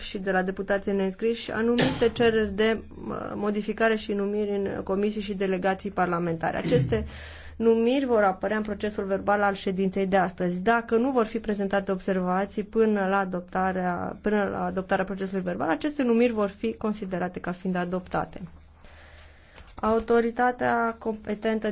și de la deputații neînscriși anumite cereri de modificare și numiri în comisii și delegații parlamentare. Aceste numiri vor apărea în procesul verbal al ședinței de astăzi. Dacă nu vor fi prezentate observații până la adoptarea, până la adoptarea procesului verbal, aceste numiri vor fi considerate ca fiind adoptate. Autoritatea competentă